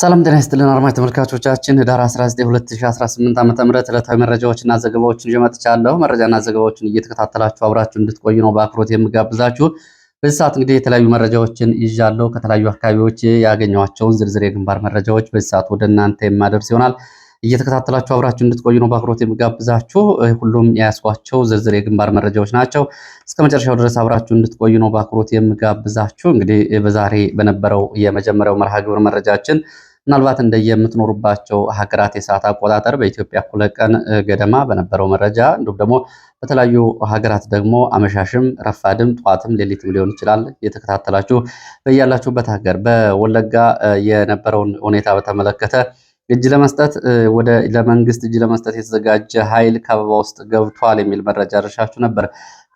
ሰላም ጤና ይስጥልን አድማጭ ተመልካቾቻችን ህዳር 19 2018 ዓ ም ዕለታዊ መረጃዎችና ዘገባዎችን ይዤ መጥቻለሁ። መረጃና ዘገባዎችን እየተከታተላችሁ አብራችሁ እንድትቆዩ ነው በአክብሮት የምጋብዛችሁ። በዚህ ሰዓት እንግዲህ የተለያዩ መረጃዎችን ይዣለሁ። ከተለያዩ አካባቢዎች ያገኘኋቸውን ዝርዝር የግንባር መረጃዎች በዚህ ሰዓት ወደ እናንተ የማደርስ ይሆናል። እየተከታተላችሁ አብራችሁ እንድትቆዩ ነው በአክብሮት የምጋብዛችሁ ሁሉም የያዝኳቸው ዝርዝር የግንባር መረጃዎች ናቸው። እስከ መጨረሻው ድረስ አብራችሁ እንድትቆዩ ነው በአክብሮት የምጋብዛችሁ እንግዲህ በዛሬ በነበረው የመጀመሪያው መርሃ ግብር መረጃችን ምናልባት እንደየምትኖሩባቸው ሀገራት የሰዓት አቆጣጠር በኢትዮጵያ እኩለ ቀን ገደማ በነበረው መረጃ እንዲሁም ደግሞ በተለያዩ ሀገራት ደግሞ አመሻሽም፣ ረፋድም፣ ጠዋትም ሌሊትም ሊሆን ይችላል የተከታተላችሁ በያላችሁበት ሀገር በወለጋ የነበረውን ሁኔታ በተመለከተ እጅ ለመስጠት ወደ ለመንግስት እጅ ለመስጠት የተዘጋጀ ኃይል ከበባ ውስጥ ገብቷል የሚል መረጃ ደርሻችሁ ነበር።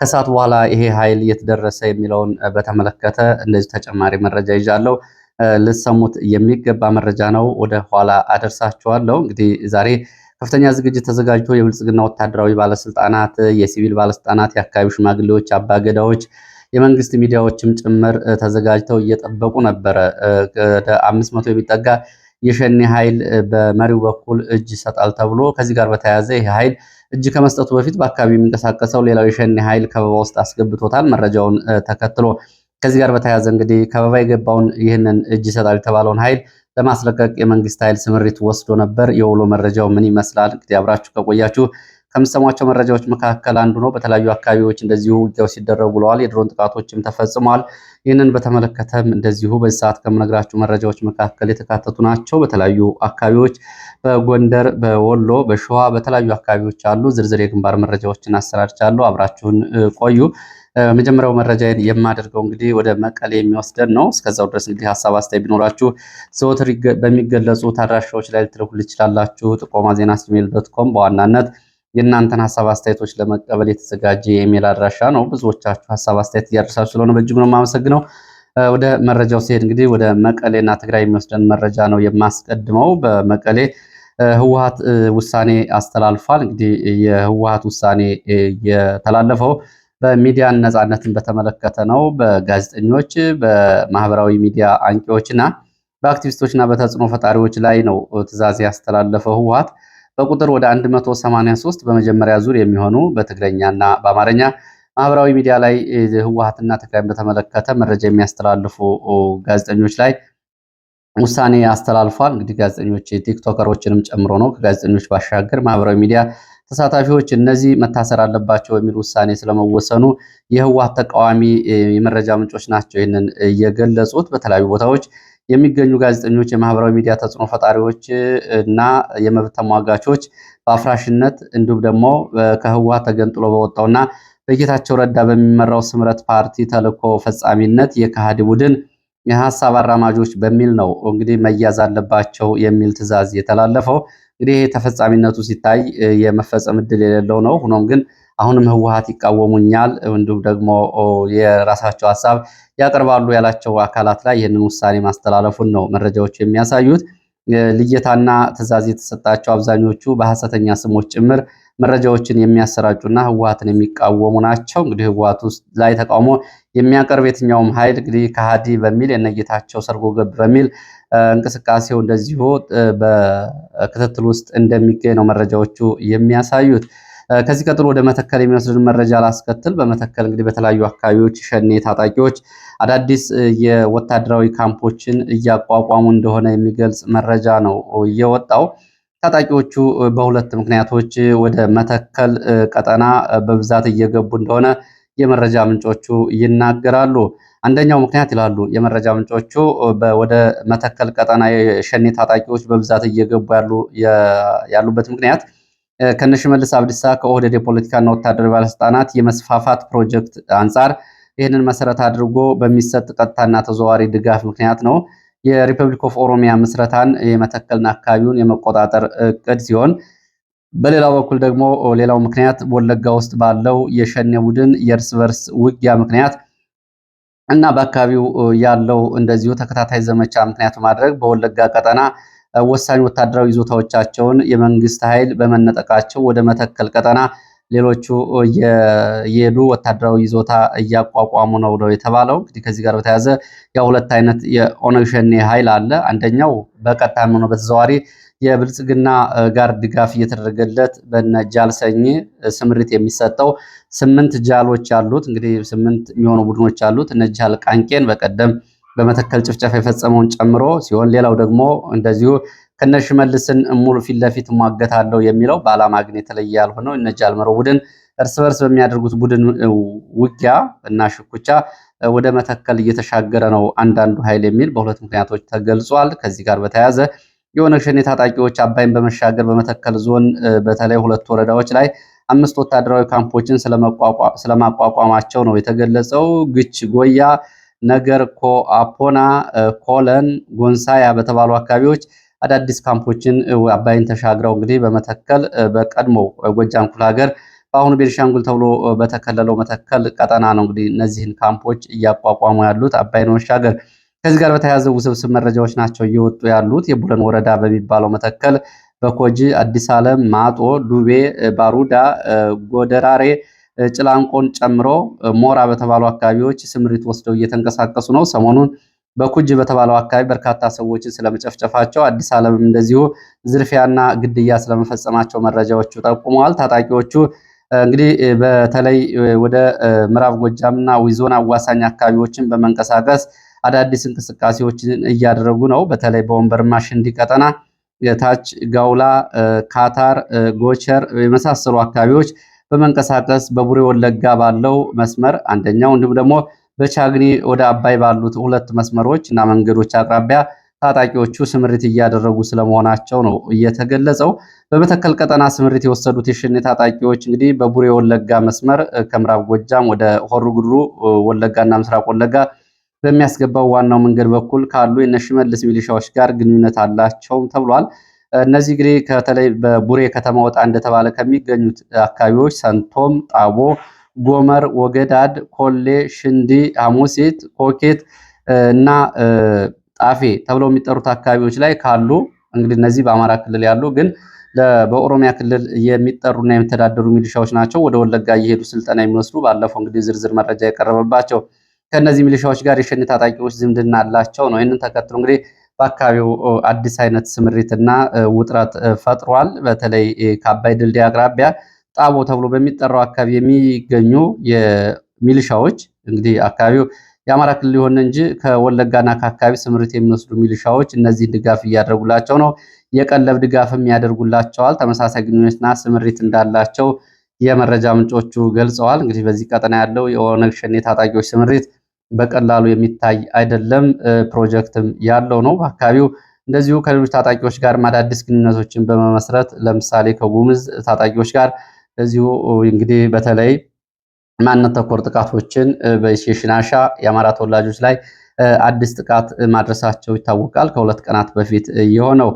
ከሰዓት በኋላ ይሄ ኃይል የተደረሰ የሚለውን በተመለከተ እንደዚህ ተጨማሪ መረጃ ይዣለሁ። ልሰሙት የሚገባ መረጃ ነው። ወደ ኋላ አደርሳችኋለሁ። እንግዲህ ዛሬ ከፍተኛ ዝግጅት ተዘጋጅቶ የብልጽግና ወታደራዊ ባለስልጣናት፣ የሲቪል ባለስልጣናት፣ የአካባቢው ሽማግሌዎች፣ አባገዳዎች፣ የመንግስት ሚዲያዎችም ጭምር ተዘጋጅተው እየጠበቁ ነበረ። ወደ አምስት መቶ የሚጠጋ የሸኔ ኃይል በመሪው በኩል እጅ ይሰጣል ተብሎ ከዚህ ጋር በተያያዘ ይህ ኃይል እጅ ከመስጠቱ በፊት በአካባቢ የሚንቀሳቀሰው ሌላው የሸኔ ኃይል ከበባ ውስጥ አስገብቶታል። መረጃውን ተከትሎ ከዚህ ጋር በተያያዘ እንግዲህ ከበባ የገባውን ይህንን እጅ ይሰጣል የተባለውን ኃይል ለማስለቀቅ የመንግስት ኃይል ስምሪት ወስዶ ነበር። የውሎ መረጃው ምን ይመስላል? እንግዲህ አብራችሁ ከቆያችሁ ከምሰሟቸው መረጃዎች መካከል አንዱ ነው። በተለያዩ አካባቢዎች እንደዚሁ ውጊያው ሲደረጉ ብለዋል። የድሮን ጥቃቶችም ተፈጽሟል። ይህንን በተመለከተም እንደዚሁ በዚህ ሰዓት ከምነግራችሁ መረጃዎች መካከል የተካተቱ ናቸው። በተለያዩ አካባቢዎች በጎንደር፣ በወሎ፣ በሸዋ በተለያዩ አካባቢዎች አሉ። ዝርዝር የግንባር መረጃዎችን አሰራርቻሉ አብራችሁን ቆዩ። መጀመሪያው መረጃ የማደርገው እንግዲህ ወደ መቀሌ የሚወስደን ነው። እስከዛው ድረስ እንግዲህ ሀሳብ አስተያየት ቢኖራችሁ ዘወትር በሚገለጹ አድራሻዎች ላይ ልትልኩ ትችላላችሁ። ጥቆማ ዜና ጂሜል ዶት ኮም በዋናነት የእናንተን ሀሳብ አስተያየቶች ለመቀበል የተዘጋጀ የኢሜል አድራሻ ነው። ብዙዎቻችሁ ሀሳብ አስተያየት እያደረሳችሁ ስለሆነ በእጅጉ ነው የማመሰግነው። ወደ መረጃው ሲሄድ እንግዲህ ወደ መቀሌና ትግራይ የሚወስደን መረጃ ነው የማስቀድመው። በመቀሌ ህወሀት ውሳኔ አስተላልፏል። እንግዲህ የህወሀት ውሳኔ የተላለፈው በሚዲያን ነጻነትን በተመለከተ ነው። በጋዜጠኞች በማህበራዊ ሚዲያ አንቂዎችና በአክቲቪስቶችና በተጽዕኖ ፈጣሪዎች ላይ ነው ትዕዛዝ ያስተላለፈው ህወሀት በቁጥር ወደ 183 በመጀመሪያ ዙር የሚሆኑ በትግረኛና በአማርኛ ማህበራዊ ሚዲያ ላይ ህወሀትና ትግራይን በተመለከተ መረጃ የሚያስተላልፉ ጋዜጠኞች ላይ ውሳኔ አስተላልፏል። እንግዲህ ጋዜጠኞች ቲክቶከሮችንም ጨምሮ ነው። ከጋዜጠኞች ባሻገር ማህበራዊ ሚዲያ ተሳታፊዎች እነዚህ መታሰር አለባቸው የሚል ውሳኔ ስለመወሰኑ የህወሀት ተቃዋሚ የመረጃ ምንጮች ናቸው ይህንን እየገለጹት በተለያዩ ቦታዎች የሚገኙ ጋዜጠኞች፣ የማህበራዊ ሚዲያ ተጽዕኖ ፈጣሪዎች እና የመብት ተሟጋቾች በአፍራሽነት እንዲሁም ደግሞ ከህወሓት ተገንጥሎ በወጣውና በጌታቸው ረዳ በሚመራው ስምረት ፓርቲ ተልእኮ ፈጻሚነት የካሃዲ ቡድን የሀሳብ አራማጆች በሚል ነው እንግዲህ መያዝ አለባቸው የሚል ትዕዛዝ የተላለፈው። እንግዲህ ተፈጻሚነቱ ሲታይ የመፈጸም እድል የሌለው ነው። ሆኖም ግን አሁንም ህወሓት ይቃወሙኛል እንዲሁም ደግሞ የራሳቸው ሀሳብ ያቀርባሉ ያላቸው አካላት ላይ ይህንን ውሳኔ ማስተላለፉን ነው መረጃዎቹ የሚያሳዩት። ልየታና ትዕዛዝ የተሰጣቸው አብዛኞቹ በሐሰተኛ ስሞች ጭምር መረጃዎችን የሚያሰራጩና ህወሀትን የሚቃወሙ ናቸው። እንግዲህ ህወሀት ውስጥ ላይ ተቃውሞ የሚያቀርብ የትኛውም ኃይል እንግዲህ ከሃዲ በሚል የነጌታቸው ሰርጎ ገብ በሚል እንቅስቃሴው እንደዚሁ በክትትል ውስጥ እንደሚገኝ ነው መረጃዎቹ የሚያሳዩት። ከዚህ ቀጥሎ ወደ መተከል የሚወስድን መረጃ ላስከትል። በመተከል እንግዲህ በተለያዩ አካባቢዎች ሸኔ ታጣቂዎች አዳዲስ የወታደራዊ ካምፖችን እያቋቋሙ እንደሆነ የሚገልጽ መረጃ ነው እየወጣው። ታጣቂዎቹ በሁለት ምክንያቶች ወደ መተከል ቀጠና በብዛት እየገቡ እንደሆነ የመረጃ ምንጮቹ ይናገራሉ። አንደኛው ምክንያት ይላሉ የመረጃ ምንጮቹ ወደ መተከል ቀጠና የሸኔ ታጣቂዎች በብዛት እየገቡ ያሉበት ምክንያት ከነሽመልስ አብዲሳ ከኦህዴድ የፖለቲካና ወታደር ባለስልጣናት የመስፋፋት ፕሮጀክት አንጻር ይህንን መሰረት አድርጎ በሚሰጥ ቀጥታና ተዘዋዋሪ ድጋፍ ምክንያት ነው የሪፐብሊክ ኦፍ ኦሮሚያ ምስረታን የመተከልና አካባቢውን የመቆጣጠር እቅድ ሲሆን በሌላ በኩል ደግሞ ሌላው ምክንያት ወለጋ ውስጥ ባለው የሸኔ ቡድን የእርስ በርስ ውጊያ ምክንያት እና በአካባቢው ያለው እንደዚሁ ተከታታይ ዘመቻ ምክንያት ማድረግ በወለጋ ቀጠና ወሳኝ ወታደራዊ ይዞታዎቻቸውን የመንግስት ኃይል በመነጠቃቸው ወደ መተከል ቀጠና ሌሎቹ የሄዱ ወታደራዊ ይዞታ እያቋቋሙ ነው ነው የተባለው። እንግዲህ ከዚህ ጋር በተያያዘ ያ ሁለት አይነት የኦነግ ሸኔ ኃይል አለ። አንደኛው በቀጥታም ሆነ በተዘዋዋሪ የብልጽግና ጋር ድጋፍ እየተደረገለት በነ ጃል ሰኝ ስምሪት የሚሰጠው ስምንት ጃሎች አሉት። እንግዲህ ስምንት የሚሆኑ ቡድኖች አሉት። እነ ጃል ቃንቄን በቀደም በመተከል ጭፍጨፋ የፈጸመውን ጨምሮ ሲሆን ሌላው ደግሞ እንደዚሁ ከነሽመልስን ሙሉ ፊት ለፊት እሟገታለሁ የሚለው በዓላማ ግን የተለየ ያልሆነው እነ ጃልመሮ ቡድን እርስ በርስ በሚያደርጉት ቡድን ውጊያ እና ሽኩቻ ወደ መተከል እየተሻገረ ነው አንዳንዱ ኃይል የሚል በሁለት ምክንያቶች ተገልጿል። ከዚህ ጋር በተያያዘ የኦነግ ሸኔ ታጣቂዎች አባይን በመሻገር በመተከል ዞን በተለይ ሁለት ወረዳዎች ላይ አምስት ወታደራዊ ካምፖችን ስለማቋቋማቸው ነው የተገለጸው። ግች ጎያ ነገር ኮ አፖና ኮለን ጎንሳያ በተባሉ አካባቢዎች አዳዲስ ካምፖችን አባይን ተሻግረው እንግዲህ በመተከል በቀድሞ ጎጃም ሀገር በአሁኑ ቤኒሻንጉል ተብሎ በተከለለው መተከል ቀጠና ነው እንግዲህ እነዚህን ካምፖች እያቋቋሙ ያሉት አባይን መሻገር። ከዚህ ጋር በተያያዘ ውስብስብ መረጃዎች ናቸው እየወጡ ያሉት። የቡለን ወረዳ በሚባለው መተከል በኮጂ አዲስ ዓለም፣ ማጦ፣ ዱቤ፣ ባሩዳ፣ ጎደራሬ ጭላንቆን ጨምሮ ሞራ በተባሉ አካባቢዎች ስምሪት ወስደው እየተንቀሳቀሱ ነው። ሰሞኑን በኩጅ በተባለው አካባቢ በርካታ ሰዎችን ስለመጨፍጨፋቸው፣ አዲስ ዓለምም እንደዚሁ ዝርፊያና ግድያ ስለመፈጸማቸው መረጃዎቹ ጠቁመዋል። ታጣቂዎቹ እንግዲህ በተለይ ወደ ምዕራብ ጎጃምና ዊዞን አዋሳኝ አካባቢዎችን በመንቀሳቀስ አዳዲስ እንቅስቃሴዎችን እያደረጉ ነው። በተለይ በወንበርማ ሽንዲ እንዲቀጠና የታች ጋውላ፣ ካታር፣ ጎቸር የመሳሰሉ አካባቢዎች በመንቀሳቀስ በቡሬ ወለጋ ባለው መስመር አንደኛው እንዲሁም ደግሞ በቻግኒ ወደ አባይ ባሉት ሁለት መስመሮች እና መንገዶች አቅራቢያ ታጣቂዎቹ ስምሪት እያደረጉ ስለመሆናቸው ነው እየተገለጸው። በመተከል ቀጠና ስምሪት የወሰዱት የሸኔ ታጣቂዎች እንግዲህ በቡሬ ወለጋ መስመር ከምዕራብ ጎጃም ወደ ሆሩ ጉድሩ ወለጋና ምስራቅ ወለጋ በሚያስገባው ዋናው መንገድ በኩል ካሉ የነሽመልስ ሚሊሻዎች ጋር ግንኙነት አላቸውም ተብሏል። እነዚህ እንግዲህ ከተለይ በቡሬ ከተማ ወጣ እንደተባለ ከሚገኙት አካባቢዎች ሰንቶም፣ ጣቦ፣ ጎመር፣ ወገዳድ፣ ኮሌ፣ ሽንዲ፣ ሐሙሲት፣ ኮኬት እና ጣፌ ተብለው የሚጠሩት አካባቢዎች ላይ ካሉ እንግዲህ እነዚህ በአማራ ክልል ያሉ ግን በኦሮሚያ ክልል የሚጠሩና የሚተዳደሩ ሚሊሻዎች ናቸው። ወደ ወለጋ እየሄዱ ስልጠና የሚወስዱ ባለፈው እንግዲህ ዝርዝር መረጃ የቀረበባቸው ከእነዚህ ሚሊሻዎች ጋር የሸኔ ታጣቂዎች ዝምድና አላቸው ነው። ይህንን ተከትሎ እንግዲህ በአካባቢው አዲስ አይነት ስምሪትና ውጥረት ፈጥሯል። በተለይ ከአባይ ድልድይ አቅራቢያ ጣቦ ተብሎ በሚጠራው አካባቢ የሚገኙ የሚሊሻዎች እንግዲህ አካባቢው የአማራ ክልል የሆነ እንጂ ከወለጋና ከአካባቢ ስምሪት የሚወስዱ ሚሊሻዎች እነዚህን ድጋፍ እያደረጉላቸው ነው። የቀለብ ድጋፍም ያደርጉላቸዋል። ተመሳሳይ ግንኙነትና ስምሪት እንዳላቸው የመረጃ ምንጮቹ ገልጸዋል። እንግዲህ በዚህ ቀጠና ያለው የኦነግ ሸኔ ታጣቂዎች ስምሪት በቀላሉ የሚታይ አይደለም። ፕሮጀክትም ያለው ነው። አካባቢው እንደዚሁ ከሌሎች ታጣቂዎች ጋር አዳዲስ ግንኙነቶችን በመመስረት ለምሳሌ ከጉምዝ ታጣቂዎች ጋር እዚሁ እንግዲህ በተለይ ማንነት ተኮር ጥቃቶችን በሽናሻ የአማራ ተወላጆች ላይ አዲስ ጥቃት ማድረሳቸው ይታወቃል። ከሁለት ቀናት በፊት የሆነው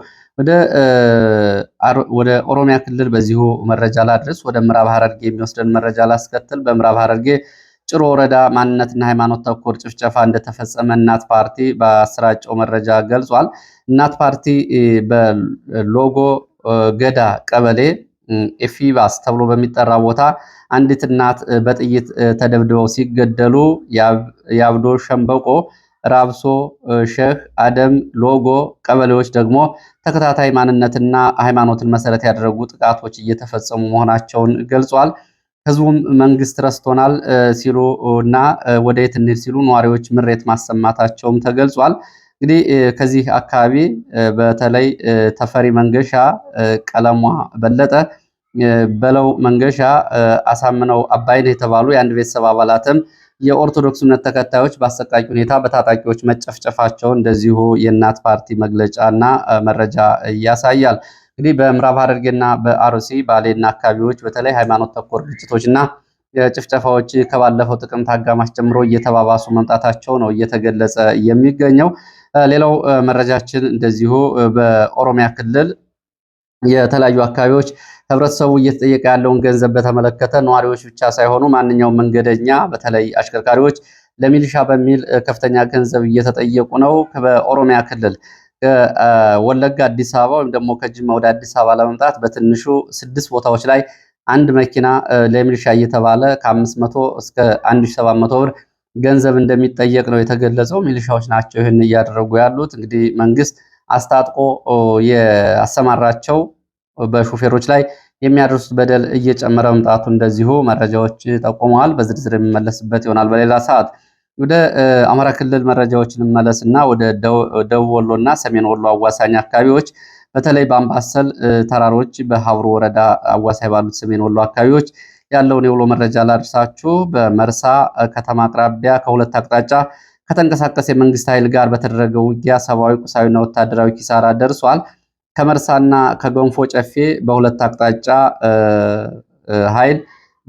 ወደ ኦሮሚያ ክልል በዚሁ መረጃ ላድርስ። ወደ ምዕራብ ሐረርጌ የሚወስደን መረጃ ላስከትል። በምዕራብ ሐረርጌ ጭሮ ወረዳ ማንነትና ሃይማኖት ተኮር ጭፍጨፋ እንደተፈጸመ እናት ፓርቲ በአሰራጨው መረጃ ገልጿል። እናት ፓርቲ በሎጎ ገዳ ቀበሌ ኤፊባስ ተብሎ በሚጠራ ቦታ አንዲት እናት በጥይት ተደብድበው ሲገደሉ የአብዶ ሸምበቆ፣ ራብሶ ሼህ አደም ሎጎ ቀበሌዎች ደግሞ ተከታታይ ማንነትና ሃይማኖትን መሰረት ያደረጉ ጥቃቶች እየተፈጸሙ መሆናቸውን ገልጿል። ህዝቡም መንግስት ረስቶናል ሲሉ እና ወደ የት እንሂድ ሲሉ ነዋሪዎች ምሬት ማሰማታቸውም ተገልጿል። እንግዲህ ከዚህ አካባቢ በተለይ ተፈሪ መንገሻ፣ ቀለሟ በለጠ፣ በለው መንገሻ፣ አሳምነው አባይነህ የተባሉ የአንድ ቤተሰብ አባላትም የኦርቶዶክስ እምነት ተከታዮች በአሰቃቂ ሁኔታ በታጣቂዎች መጨፍጨፋቸው እንደዚሁ የእናት ፓርቲ መግለጫና መረጃ ያሳያል። እንግዲህ በምዕራብ ሐረርጌና በአርሲ ባሌና አካባቢዎች በተለይ ሃይማኖት ተኮር ግጭቶችና ጭፍጨፋዎች ከባለፈው ጥቅምት አጋማሽ ጀምሮ እየተባባሱ መምጣታቸው ነው እየተገለጸ የሚገኘው። ሌላው መረጃችን እንደዚሁ በኦሮሚያ ክልል የተለያዩ አካባቢዎች ህብረተሰቡ እየተጠየቀ ያለውን ገንዘብ በተመለከተ ነዋሪዎች ብቻ ሳይሆኑ ማንኛውም መንገደኛ በተለይ አሽከርካሪዎች ለሚሊሻ በሚል ከፍተኛ ገንዘብ እየተጠየቁ ነው። በኦሮሚያ ክልል ወለጋ አዲስ አበባ ወይም ደግሞ ከጅማ ወደ አዲስ አበባ ለመምጣት በትንሹ ስድስት ቦታዎች ላይ አንድ መኪና ለሚሊሻ እየተባለ ከ መቶ እስከ 1700 መቶ ብር ገንዘብ እንደሚጠየቅ ነው የተገለጸው። ሚሊሻዎች ናቸው ይህን እያደረጉ ያሉት። እንግዲህ መንግስት አስታጥቆ ያሰማራቸው በሾፌሮች ላይ የሚያደርሱት በደል እየጨመረ መምጣቱ እንደዚሁ መረጃዎች ጠቁመዋል። በዝርዝር የሚመለስበት ይሆናል በሌላ ሰዓት። ወደ አማራ ክልል መረጃዎች ልመለስ እና ወደ ደቡብ ወሎ እና ሰሜን ወሎ አዋሳኝ አካባቢዎች በተለይ በአምባሰል ተራሮች በሀብሮ ወረዳ አዋሳኝ ባሉት ሰሜን ወሎ አካባቢዎች ያለውን የውሎ መረጃ ላድርሳችሁ። በመርሳ ከተማ አቅራቢያ ከሁለት አቅጣጫ ከተንቀሳቀስ የመንግስት ኃይል ጋር በተደረገ ውጊያ ሰብአዊ፣ ቁሳዊና ወታደራዊ ኪሳራ ደርሷል። ከመርሳና ከገንፎ ጨፌ በሁለት አቅጣጫ ኃይል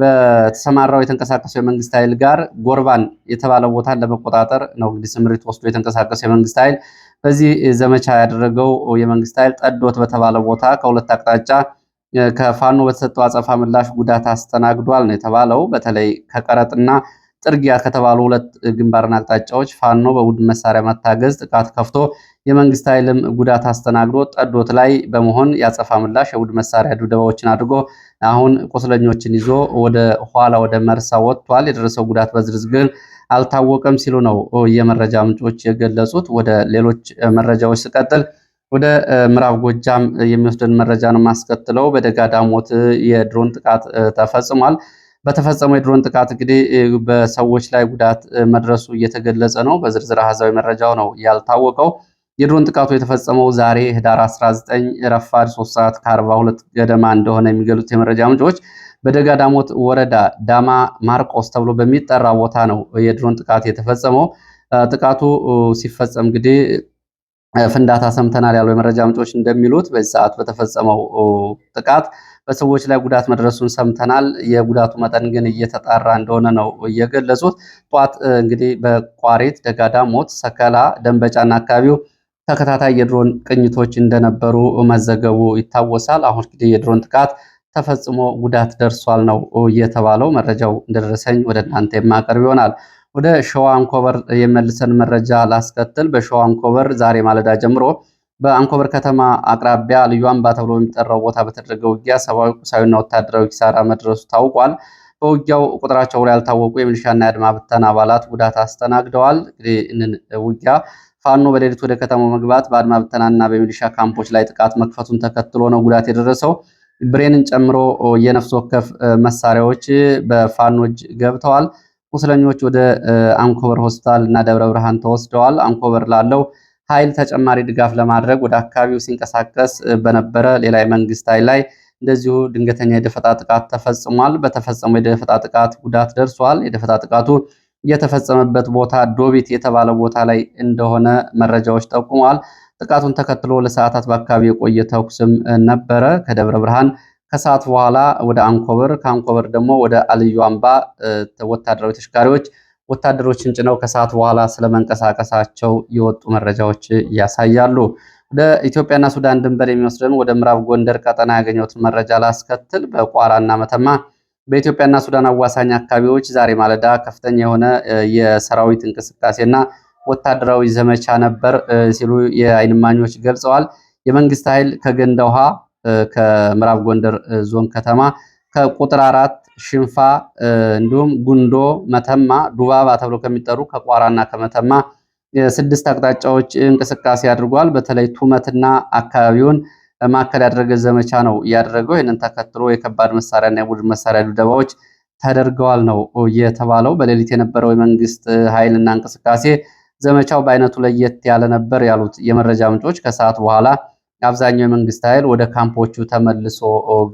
በተሰማራው የተንቀሳቀሰው የመንግስት ኃይል ጋር ጎርባን የተባለ ቦታን ለመቆጣጠር ነው እንግዲህ ስምሪት ወስዶ የተንቀሳቀሰው የመንግስት ኃይል በዚህ ዘመቻ ያደረገው የመንግስት ኃይል ጠዶት በተባለ ቦታ ከሁለት አቅጣጫ ከፋኖ በተሰጠው አጸፋ ምላሽ ጉዳት አስተናግዷል ነው የተባለው። በተለይ ከቀረጥና ጥርጊያ ከተባሉ ሁለት ግንባርን አቅጣጫዎች ፋኖ በቡድን መሳሪያ መታገዝ ጥቃት ከፍቶ የመንግስት ኃይልም ጉዳት አስተናግዶ ጠዶት ላይ በመሆን ያጸፋ ምላሽ የውድ መሳሪያ ድብደባዎችን አድርጎ አሁን ቁስለኞችን ይዞ ወደ ኋላ ወደ መርሳ ወጥቷል። የደረሰው ጉዳት በዝርዝር ግን አልታወቀም ሲሉ ነው የመረጃ ምንጮች የገለጹት። ወደ ሌሎች መረጃዎች ስቀጥል ወደ ምዕራብ ጎጃም የሚወስደን መረጃ ነው የማስከትለው። በደጋ ዳሞት የድሮን ጥቃት ተፈጽሟል። በተፈጸመው የድሮን ጥቃት እንግዲህ በሰዎች ላይ ጉዳት መድረሱ እየተገለጸ ነው። በዝርዝር አሃዛዊ መረጃው ነው ያልታወቀው። የድሮን ጥቃቱ የተፈጸመው ዛሬ ህዳር 19 ረፋድ 3 ሰዓት ከ42 ገደማ እንደሆነ የሚገልጹት የመረጃ ምንጮች በደጋ ዳሞት ወረዳ ዳማ ማርቆስ ተብሎ በሚጠራ ቦታ ነው የድሮን ጥቃት የተፈጸመው። ጥቃቱ ሲፈጸም እንግዲህ ፍንዳታ ሰምተናል ያሉ የመረጃ ምንጮች እንደሚሉት በዚህ ሰዓት በተፈጸመው ጥቃት በሰዎች ላይ ጉዳት መድረሱን ሰምተናል። የጉዳቱ መጠን ግን እየተጣራ እንደሆነ ነው እየገለጹት። ጧት እንግዲህ በቋሪት ደጋዳሞት፣ ሰከላ፣ ደንበጫና አካባቢው ተከታታይ የድሮን ቅኝቶች እንደነበሩ መዘገቡ ይታወሳል። አሁን እንግዲህ የድሮን ጥቃት ተፈጽሞ ጉዳት ደርሷል ነው የተባለው። መረጃው እንደደረሰኝ ወደ እናንተ የማቀርብ ይሆናል። ወደ ሸዋ አንኮበር የመልሰን መረጃ ላስከትል። በሸዋ አንኮበር ዛሬ ማለዳ ጀምሮ በአንኮበር ከተማ አቅራቢያ ልዩ አምባ ተብሎ የሚጠራው ቦታ በተደረገ ውጊያ ሰብአዊ፣ ቁሳዊና ወታደራዊ ኪሳራ መድረሱ ታውቋል። በውጊያው ቁጥራቸው ያልታወቁ የሚሊሻና የአድማ ብተና አባላት ጉዳት አስተናግደዋል። እንግዲህ ውጊያ ፋኖ በሌሊት ወደ ከተማው መግባት በአድማ ብተናና በሚሊሻ ካምፖች ላይ ጥቃት መክፈቱን ተከትሎ ነው ጉዳት የደረሰው። ብሬንን ጨምሮ የነፍስ ወከፍ መሳሪያዎች እጅ ገብተዋል። ቁስለኞች ወደ አንኮበር ሆስፒታል እና ደብረ ብርሃን ተወስደዋል። አንኮበር ላለው ኃይል ተጨማሪ ድጋፍ ለማድረግ ወደ አካባቢው ሲንቀሳቀስ በነበረ ሌላ የመንግስት ኃይል ላይ እንደዚሁ ድንገተኛ የደፈጣ ጥቃት ተፈጽሟል። በተፈጸመው የደፈጣ ጥቃት ጉዳት ደርሷል። የደፈጣ ጥቃቱ የተፈጸመበት ቦታ ዶቢት የተባለ ቦታ ላይ እንደሆነ መረጃዎች ጠቁመዋል። ጥቃቱን ተከትሎ ለሰዓታት በአካባቢ የቆየ ተኩስም ነበረ። ከደብረ ብርሃን ከሰዓት በኋላ ወደ አንኮበር፣ ከአንኮበር ደግሞ ወደ አልዩ አምባ ወታደራዊ ተሽካሪዎች ወታደሮችን ጭነው ከሰዓት በኋላ ስለመንቀሳቀሳቸው የወጡ መረጃዎች ያሳያሉ። ወደ ኢትዮጵያና ሱዳን ድንበር የሚወስደን ወደ ምዕራብ ጎንደር ቀጠና ያገኘሁትን መረጃ ላስከትል። በቋራና መተማ በኢትዮጵያና ሱዳን አዋሳኝ አካባቢዎች ዛሬ ማለዳ ከፍተኛ የሆነ የሰራዊት እንቅስቃሴና ወታደራዊ ዘመቻ ነበር ሲሉ የአይንማኞች ገልጸዋል። የመንግስት ኃይል ከገንዳ ውሃ ከምዕራብ ጎንደር ዞን ከተማ ከቁጥር አራት ሽንፋ እንዲሁም ጉንዶ፣ መተማ፣ ዱባባ ተብሎ ከሚጠሩ ከቋራና ከመተማ ስድስት አቅጣጫዎች እንቅስቃሴ አድርጓል። በተለይ ቱመትና አካባቢውን ማዕከል ያደረገ ዘመቻ ነው ያደረገው ይህንን ተከትሎ የከባድ መሳሪያና የቡድን መሳሪያ ድብደባዎች ተደርገዋል ነው የተባለው። በሌሊት የነበረው የመንግስት ኃይልና እንቅስቃሴ ዘመቻው በአይነቱ ለየት ያለ ነበር ያሉት የመረጃ ምንጮች ከሰዓት በኋላ አብዛኛው የመንግስት ኃይል ወደ ካምፖቹ ተመልሶ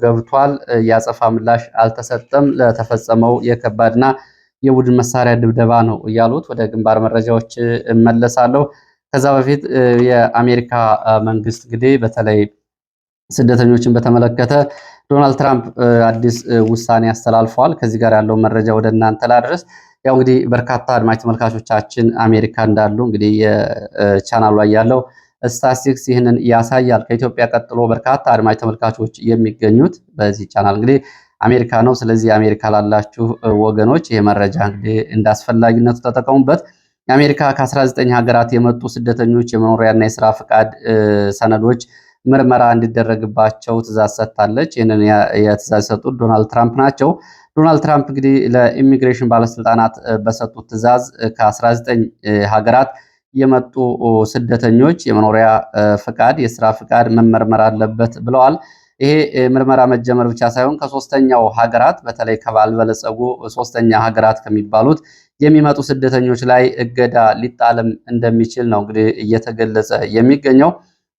ገብቷል። የአጸፋ ምላሽ አልተሰጠም ለተፈጸመው የከባድና የቡድን መሳሪያ ድብደባ ነው እያሉት። ወደ ግንባር መረጃዎች እመለሳለሁ። ከዛ በፊት የአሜሪካ መንግስት እንግዲህ በተለይ ስደተኞችን በተመለከተ ዶናልድ ትራምፕ አዲስ ውሳኔ አስተላልፈዋል። ከዚህ ጋር ያለው መረጃ ወደ እናንተ ላድረስ። ያው እንግዲህ በርካታ አድማጭ ተመልካቾቻችን አሜሪካ እንዳሉ እንግዲህ የቻናሉ ላይ ያለው ስታቲስቲክስ ይህንን ያሳያል። ከኢትዮጵያ ቀጥሎ በርካታ አድማጭ ተመልካቾች የሚገኙት በዚህ ቻናል እንግዲህ አሜሪካ ነው። ስለዚህ አሜሪካ ላላችሁ ወገኖች ይህ መረጃ እንግዲህ እንዳስፈላጊነቱ ተጠቀሙበት። የአሜሪካ ከ19 ሀገራት የመጡ ስደተኞች የመኖሪያና የስራ ፈቃድ ሰነዶች ምርመራ እንዲደረግባቸው ትእዛዝ ሰጥታለች። ይህንን የትእዛዝ የሰጡት ዶናልድ ትራምፕ ናቸው። ዶናልድ ትራምፕ እንግዲህ ለኢሚግሬሽን ባለስልጣናት በሰጡት ትእዛዝ ከ19 ሀገራት የመጡ ስደተኞች የመኖሪያ ፍቃድ፣ የስራ ፍቃድ መመርመር አለበት ብለዋል። ይሄ ምርመራ መጀመር ብቻ ሳይሆን ከሶስተኛው ሀገራት በተለይ ከባልበለጸጉ ሶስተኛ ሀገራት ከሚባሉት የሚመጡ ስደተኞች ላይ እገዳ ሊጣልም እንደሚችል ነው እንግዲህ እየተገለጸ የሚገኘው።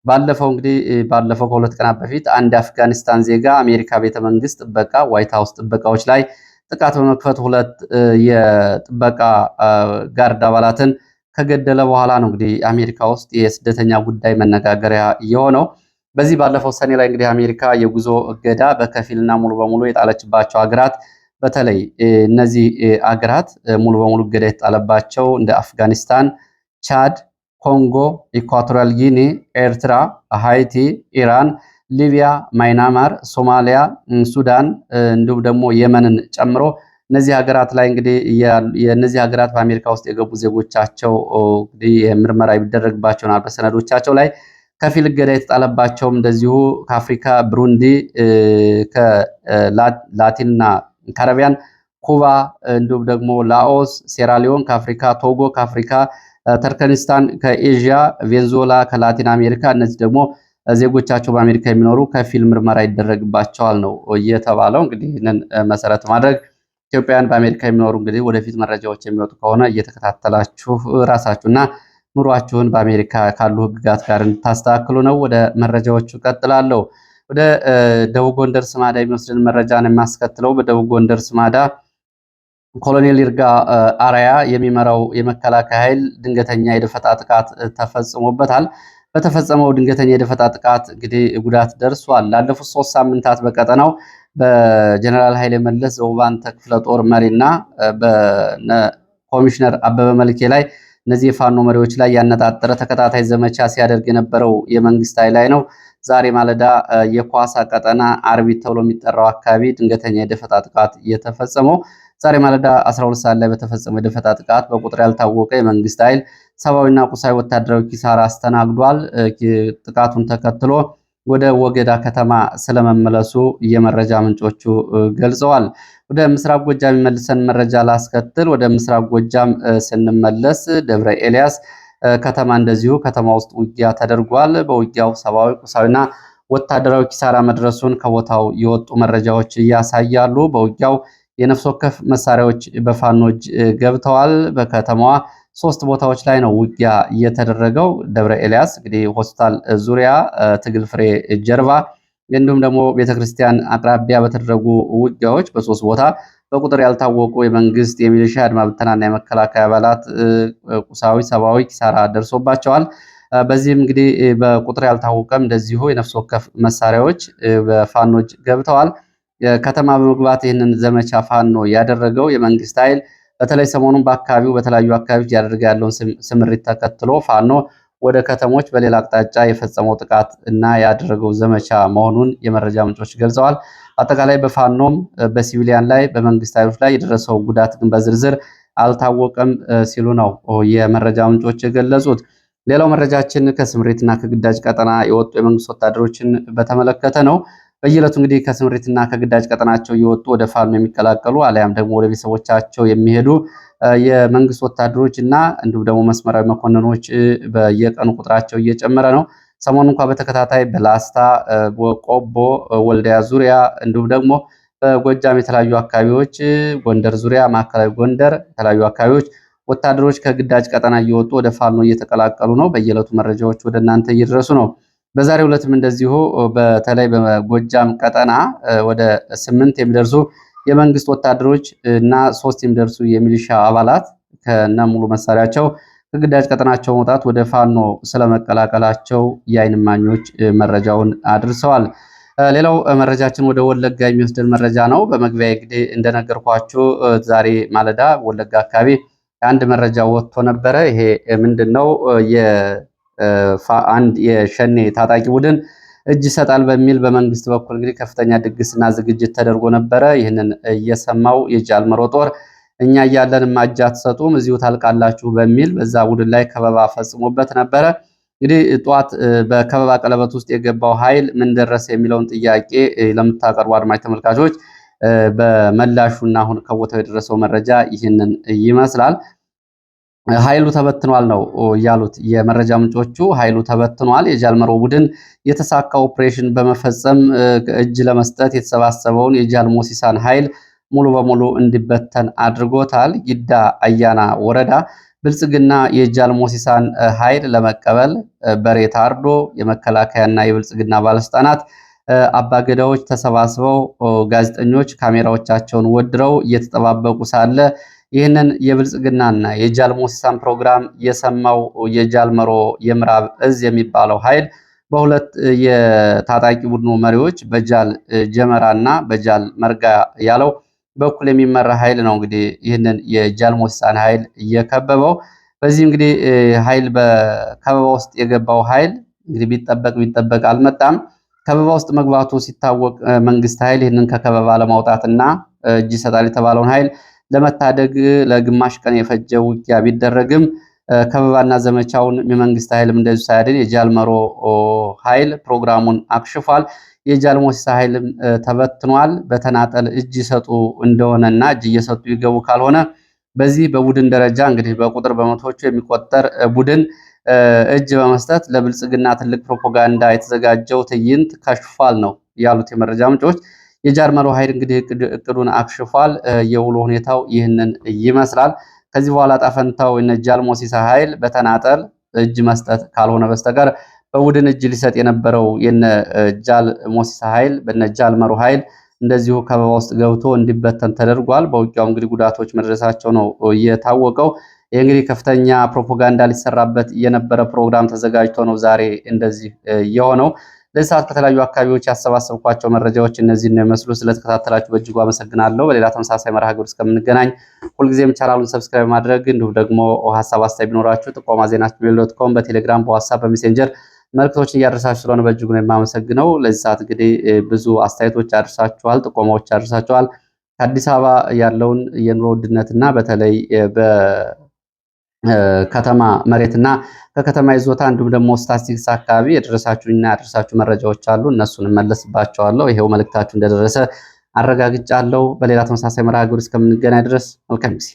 ባለፈው እንግዲህ ባለፈው ከሁለት ቀናት በፊት አንድ የአፍጋኒስታን ዜጋ አሜሪካ ቤተመንግስት ጥበቃ ዋይት ሀውስ ጥበቃዎች ላይ ጥቃት በመክፈት ሁለት የጥበቃ ጋርድ አባላትን ከገደለ በኋላ ነው እንግዲህ አሜሪካ ውስጥ የስደተኛ ጉዳይ መነጋገሪያ የሆነው። በዚህ ባለፈው ሰኔ ላይ እንግዲህ አሜሪካ የጉዞ እገዳ በከፊልና ሙሉ በሙሉ የጣለችባቸው ሀገራት በተለይ እነዚህ አገራት ሙሉ በሙሉ እገዳ የተጣለባቸው እንደ አፍጋኒስታን፣ ቻድ ኮንጎ፣ ኢኳቶሪያል ጊኒ፣ ኤርትራ፣ ሃይቲ፣ ኢራን፣ ሊቢያ፣ ማይናማር፣ ሶማሊያ፣ ሱዳን እንዲሁም ደግሞ የመንን ጨምሮ እነዚህ ሀገራት ላይ እንግዲህ የእነዚህ ሀገራት በአሜሪካ ውስጥ የገቡ ዜጎቻቸው እንግዲህ ምርመራ የሚደረግባቸውን በሰነዶቻቸው ሰነዶቻቸው ላይ ከፊል እገዳ የተጣለባቸውም እንደዚሁ ከአፍሪካ ብሩንዲ፣ ከላቲንና ካረቢያን ኩባ፣ እንዲሁም ደግሞ ላኦስ፣ ሴራሊዮን፣ ከአፍሪካ ቶጎ፣ ከአፍሪካ ተርከኒስታን ከኤዥያ፣ ቬንዙዌላ ከላቲን አሜሪካ፣ እነዚህ ደግሞ ዜጎቻቸው በአሜሪካ የሚኖሩ ከፊል ምርመራ ይደረግባቸዋል ነው እየተባለው። እንግዲህ ይህንን መሰረት ማድረግ ኢትዮጵያውያን በአሜሪካ የሚኖሩ እንግዲህ ወደፊት መረጃዎች የሚወጡ ከሆነ እየተከታተላችሁ ራሳችሁና ኑሯችሁን በአሜሪካ ካሉ ህግጋት ጋር እንድታስተካክሉ ነው። ወደ መረጃዎቹ ቀጥላለሁ። ወደ ደቡብ ጎንደር ስማዳ የሚወስድን መረጃ ነው የማስከትለው። በደቡብ ጎንደር ስማዳ ኮሎኔል ይርጋ አርያ የሚመራው የመከላከያ ኃይል ድንገተኛ የደፈጣ ጥቃት ተፈጽሞበታል። በተፈጸመው ድንገተኛ የደፈጣ ጥቃት እንግዲህ ጉዳት ደርሷል። ላለፉት ሶስት ሳምንታት በቀጠናው በጀነራል ኃይለ መለስ ዘውባንተ ክፍለ ጦር መሪና በኮሚሽነር አበበ መልኬ ላይ እነዚህ የፋኖ መሪዎች ላይ ያነጣጠረ ተከታታይ ዘመቻ ሲያደርግ የነበረው የመንግስት ኃይል ላይ ነው ዛሬ ማለዳ የኳሳ ቀጠና አርቢት ተብሎ የሚጠራው አካባቢ ድንገተኛ የደፈጣ ጥቃት የተፈጸመው ዛሬ ማለዳ 12 ሰዓት ላይ በተፈጸመ የደፈጣ ጥቃት በቁጥር ያልታወቀ የመንግስት ኃይል ሰብአዊና ቁሳዊ ወታደራዊ ኪሳራ አስተናግዷል። ጥቃቱን ተከትሎ ወደ ወገዳ ከተማ ስለመመለሱ የመረጃ ምንጮቹ ገልጸዋል። ወደ ምስራቅ ጎጃም የሚመልሰን መረጃ ላስከትል። ወደ ምስራቅ ጎጃም ስንመለስ ደብረ ኤልያስ ከተማ እንደዚሁ ከተማ ውስጥ ውጊያ ተደርጓል። በውጊያው ሰብአዊ ቁሳዊና ወታደራዊ ኪሳራ መድረሱን ከቦታው የወጡ መረጃዎች ያሳያሉ። በውጊያው የነፍስ ወከፍ መሳሪያዎች በፋኖች ገብተዋል። በከተማዋ ሶስት ቦታዎች ላይ ነው ውጊያ እየተደረገው። ደብረ ኤልያስ እንግዲህ ሆስፒታል ዙሪያ፣ ትግል ፍሬ ጀርባ፣ እንዲሁም ደግሞ ቤተክርስቲያን አቅራቢያ በተደረጉ ውጊያዎች በሶስት ቦታ በቁጥር ያልታወቁ የመንግስት የሚሊሻ አድማ ብተናና የመከላከያ አባላት ቁሳዊ፣ ሰብአዊ ኪሳራ ደርሶባቸዋል። በዚህም እንግዲህ በቁጥር ያልታወቀም እንደዚሁ የነፍስ ወከፍ መሳሪያዎች በፋኖች ገብተዋል። ከተማ በመግባት ይህንን ዘመቻ ፋኖ ያደረገው የመንግስት ኃይል በተለይ ሰሞኑን በአካባቢው በተለያዩ አካባቢዎች እያደረገ ያለውን ስምሪት ተከትሎ ፋኖ ወደ ከተሞች በሌላ አቅጣጫ የፈጸመው ጥቃት እና ያደረገው ዘመቻ መሆኑን የመረጃ ምንጮች ገልጸዋል። አጠቃላይ በፋኖም በሲቪሊያን ላይ በመንግስት ኃይሎች ላይ የደረሰው ጉዳት ግን በዝርዝር አልታወቀም ሲሉ ነው የመረጃ ምንጮች የገለጹት። ሌላው መረጃችን ከስምሪትና ከግዳጅ ቀጠና የወጡ የመንግስት ወታደሮችን በተመለከተ ነው። በየዕለቱ እንግዲህ ከስምሪትና ከግዳጅ ቀጠናቸው እየወጡ ወደ ፋኖ የሚቀላቀሉ አሊያም ደግሞ ወደ ቤተሰቦቻቸው የሚሄዱ የመንግስት ወታደሮች እና እንዲሁም ደግሞ መስመራዊ መኮንኖች በየቀኑ ቁጥራቸው እየጨመረ ነው። ሰሞኑ እንኳ በተከታታይ በላስታ ቆቦ፣ ወልዲያ ዙሪያ እንዲሁም ደግሞ በጎጃም የተለያዩ አካባቢዎች፣ ጎንደር ዙሪያ፣ ማዕከላዊ ጎንደር የተለያዩ አካባቢዎች ወታደሮች ከግዳጅ ቀጠና እየወጡ ወደ ፋኖ እየተቀላቀሉ ነው። በየዕለቱ መረጃዎች ወደ እናንተ እየደረሱ ነው። በዛሬው ዕለትም እንደዚሁ በተለይ በጎጃም ቀጠና ወደ ስምንት የሚደርሱ የመንግስት ወታደሮች እና ሶስት የሚደርሱ የሚሊሻ አባላት ከነ ሙሉ መሳሪያቸው ከግዳጅ ቀጠናቸው መውጣት ወደ ፋኖ ስለመቀላቀላቸው የአይን እማኞች መረጃውን አድርሰዋል። ሌላው መረጃችን ወደ ወለጋ የሚወስደን መረጃ ነው። በመግቢያ እንግዲህ እንደነገርኳችሁ ዛሬ ማለዳ ወለጋ አካባቢ አንድ መረጃ ወጥቶ ነበረ። ይሄ ምንድን ነው? አንድ የሸኔ ታጣቂ ቡድን እጅ ይሰጣል በሚል በመንግስት በኩል እንግዲህ ከፍተኛ ድግስና ዝግጅት ተደርጎ ነበረ። ይህንን እየሰማው የጃልመሮ ጦር እኛ እያለን እጅ አትሰጡም እዚሁ ታልቃላችሁ በሚል በዛ ቡድን ላይ ከበባ ፈጽሞበት ነበረ። እንግዲህ ጠዋት በከበባ ቀለበት ውስጥ የገባው ኃይል ምን ደረሰ የሚለውን ጥያቄ ለምታቀርቡ አድማጭ ተመልካቾች በመላሹና አሁን ከቦታው የደረሰው መረጃ ይህንን ይመስላል። ኃይሉ ተበትኗል ነው ያሉት የመረጃ ምንጮቹ። ኃይሉ ተበትኗል። የጃልመሮ ቡድን የተሳካ ኦፕሬሽን በመፈጸም እጅ ለመስጠት የተሰባሰበውን የጃልሞሲሳን ኃይል ሙሉ በሙሉ እንዲበተን አድርጎታል። ጊዳ አያና ወረዳ ብልጽግና የጃል ሞሲሳን ኃይል ለመቀበል በሬ ታርዶ የመከላከያና የብልጽግና ባለስልጣናት አባገዳዎች ተሰባስበው ጋዜጠኞች ካሜራዎቻቸውን ወድረው እየተጠባበቁ ሳለ ይህንን የብልጽግናና የጃል ሞሲሳን ፕሮግራም የሰማው የጃልመሮ የምዕራብ እዝ የሚባለው ኃይል በሁለት የታጣቂ ቡድኑ መሪዎች በጃል ጀመራና በጃል መርጋ ያለው በኩል የሚመራ ኃይል ነው እንግዲህ ይህንን የጃልሞሳን ኃይል እየከበበው። በዚህ እንግዲህ ኃይል በከበባ ውስጥ የገባው ኃይል እንግዲህ ቢጠበቅ ቢጠበቅ አልመጣም። ከበባ ውስጥ መግባቱ ሲታወቅ መንግስት ኃይል ይህንን ከከበባ ለማውጣትና እጅ ይሰጣል የተባለውን ኃይል ለመታደግ ለግማሽ ቀን የፈጀ ውጊያ ቢደረግም ከበባና ዘመቻውን የመንግስት ኃይልም እንደዚሁ ሳያድን የጃልመሮ ኃይል ፕሮግራሙን አክሽፏል። የጃልሞሲሳ ኃይል ተበትኗል። በተናጠል እጅ ይሰጡ እንደሆነና እጅ እየሰጡ ይገቡ ካልሆነ በዚህ በቡድን ደረጃ እንግዲህ በቁጥር በመቶዎቹ የሚቆጠር ቡድን እጅ በመስጠት ለብልጽግና ትልቅ ፕሮፓጋንዳ የተዘጋጀው ትዕይንት ከሽፏል ነው ያሉት የመረጃ ምንጮች። የጃርመሮ ኃይል እንግዲህ እቅዱን አክሽፏል። የውሎ ሁኔታው ይህንን ይመስላል። ከዚህ በኋላ ጣፈንታው ጃልሞሲሳ ኃይል በተናጠል እጅ መስጠት ካልሆነ በስተቀር በቡድን እጅ ሊሰጥ የነበረው የነ ጃል ሞሲሳ ኃይል በነ ጃል መሩ ኃይል እንደዚሁ ከበባ ውስጥ ገብቶ እንዲበተን ተደርጓል። በውጊያው እንግዲህ ጉዳቶች መድረሳቸው ነው የታወቀው። ይህ እንግዲህ ከፍተኛ ፕሮፓጋንዳ ሊሰራበት የነበረ ፕሮግራም ተዘጋጅቶ ነው ዛሬ እንደዚህ የሆነው። ለዚህ ሰዓት ከተለያዩ አካባቢዎች ያሰባሰብኳቸው መረጃዎች እነዚህ ነው የሚመስሉ። ስለተከታተላችሁ በእጅጉ አመሰግናለሁ። በሌላ ተመሳሳይ መርሃ ግብር እስከምንገናኝ ሁልጊዜም ቻናሉን ሰብስክራይብ ማድረግ እንዲሁም ደግሞ ሀሳብ አስተያየት ቢኖራችሁ ጥቆማ ዜና ጂሜል ዶት ኮም በቴሌግራም በዋትሳፕ በሜሴንጀር መልክቶችን እያደረሳችሁ ስለሆነ በእጅጉ ነው የማመሰግነው። ለዚህ ሰዓት እንግዲህ ብዙ አስተያየቶች አድርሳችኋል፣ ጥቆማዎች አድርሳችኋል። ከአዲስ አበባ ያለውን የኑሮ ውድነትና በተለይ በከተማ መሬትና ከከተማ ይዞታ እንዲሁም ደግሞ ስታስቲክስ አካባቢ የደረሳችሁና ያደረሳችሁ መረጃዎች አሉ። እነሱን እመለስባቸዋለሁ። ይሄው መልእክታችሁ እንደደረሰ አረጋግጫለሁ። በሌላ ተመሳሳይ መርሃ ግብር እስከምንገናኝ ድረስ መልካም ጊዜ